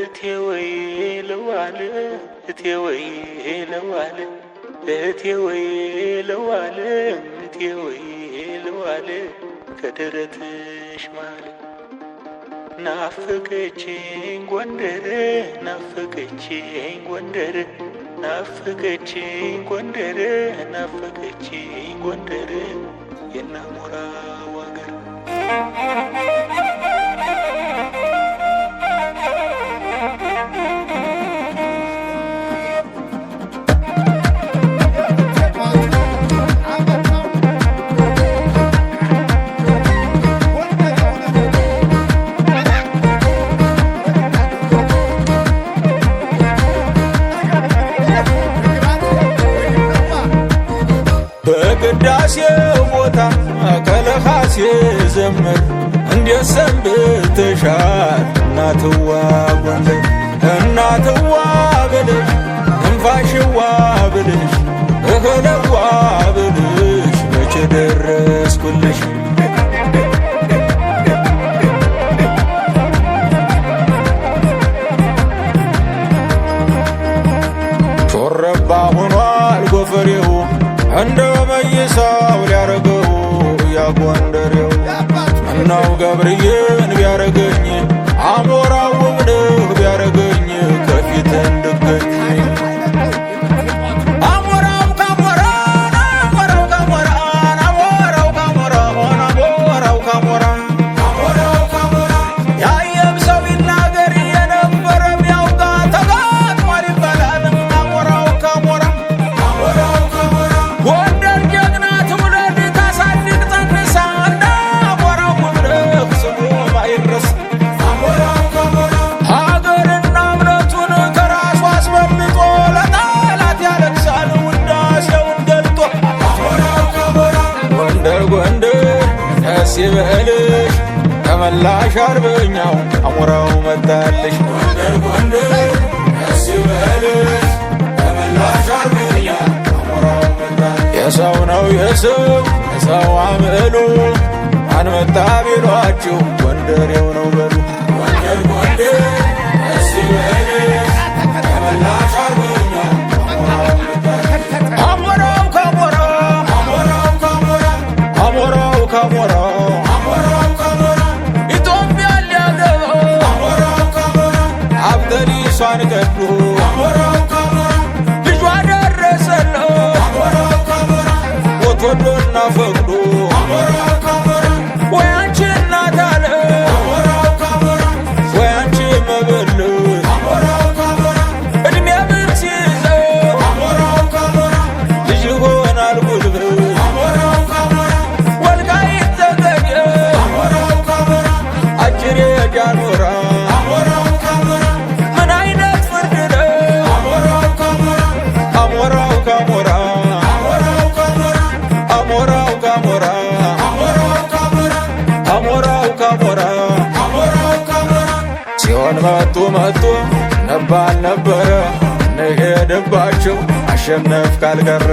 እቴ ወይ ለዋለ እቴ ወይ ለዋለ እቴ ወይ ለዋለ እቴ ወይ ለዋለ ከደረትሽ ማለ ጎንደር ናፍቀችኝ ጎንደር ናፍቀችኝ ጎንደር ጎንደር ከቅዳሴ ቦታ ከለኻሴ ዘምር እንዴት ሰንብተሻል እናትዋ go under you. And now, Gabriel, and we are a ይበል ከመላሽ አርበኛው አሞራው መጣለሽ የሰው ነው የሰው የሰው አምዕሉ አንመጣ ቢሏችሁ ጎንደሬው ነው በሉ አሞራው ከአሞራ አሞራው ከአሞራ I Vogdo መጡ መጡ ነባል ነበረ እንሄድባቸው አሸነፍ ካልቀረ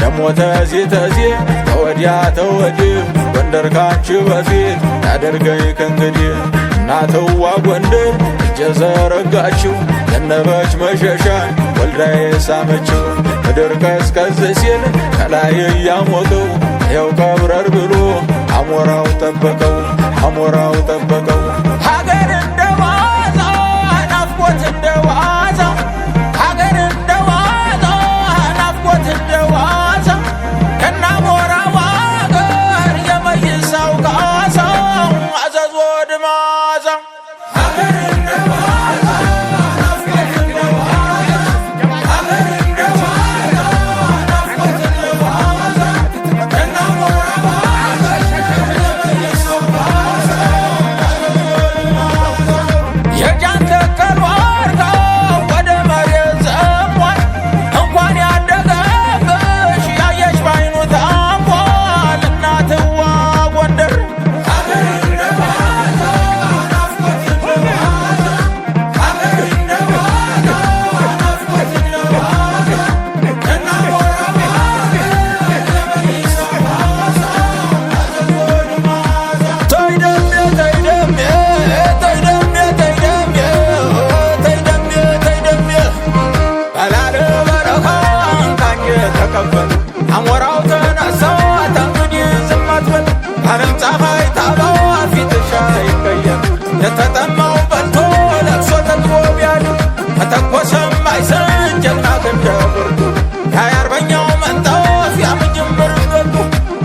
ደሞ ተዚህ ተዚህ ተወዲያ ተወዲህ ጎንደር ካንቺ በፊት ታደርገኝ ከእንግዲህ እናትዋ ጎንደር እጀ ዘረጋችው ዘነበች መሸሻን ወልዳዬ ሳመችው ምድር ቀዝቀዝ ሲል ከላይ እያሞቀው ያው ከብረር ብሎ አሞራው ጠበቀው አሞራው ጠበቀው የተጠማው በልቶ ለብሶ ተልቦ ቢያድር ተተኮሰም አይሰን ጀግና ግንደ ብርቱ የአርበኛው መንጠፍ ያምጅምር ገቡ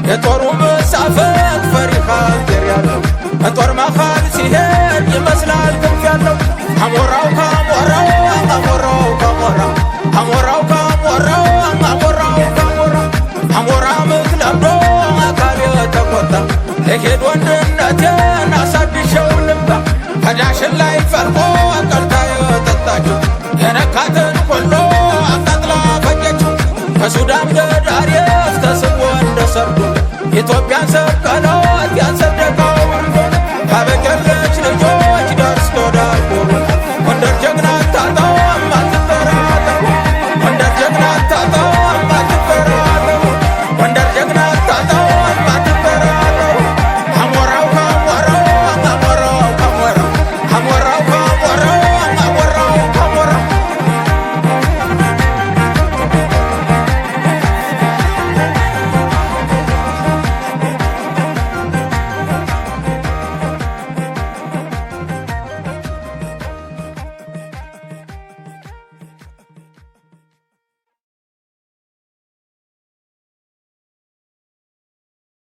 የጦሩ መሳፈን ፈሪሃ ገር ያለው በጦር መሃል ሲሄድ ይመስላል ክንፍ ያለው አሞራው ካሞራው አሞራው ካሞራው አሞራው ካሞራው አሞራው ካሞራው አሞራ ምክለምዶ አካል የተቆጣ ለሄድ ወንድነቴ Shall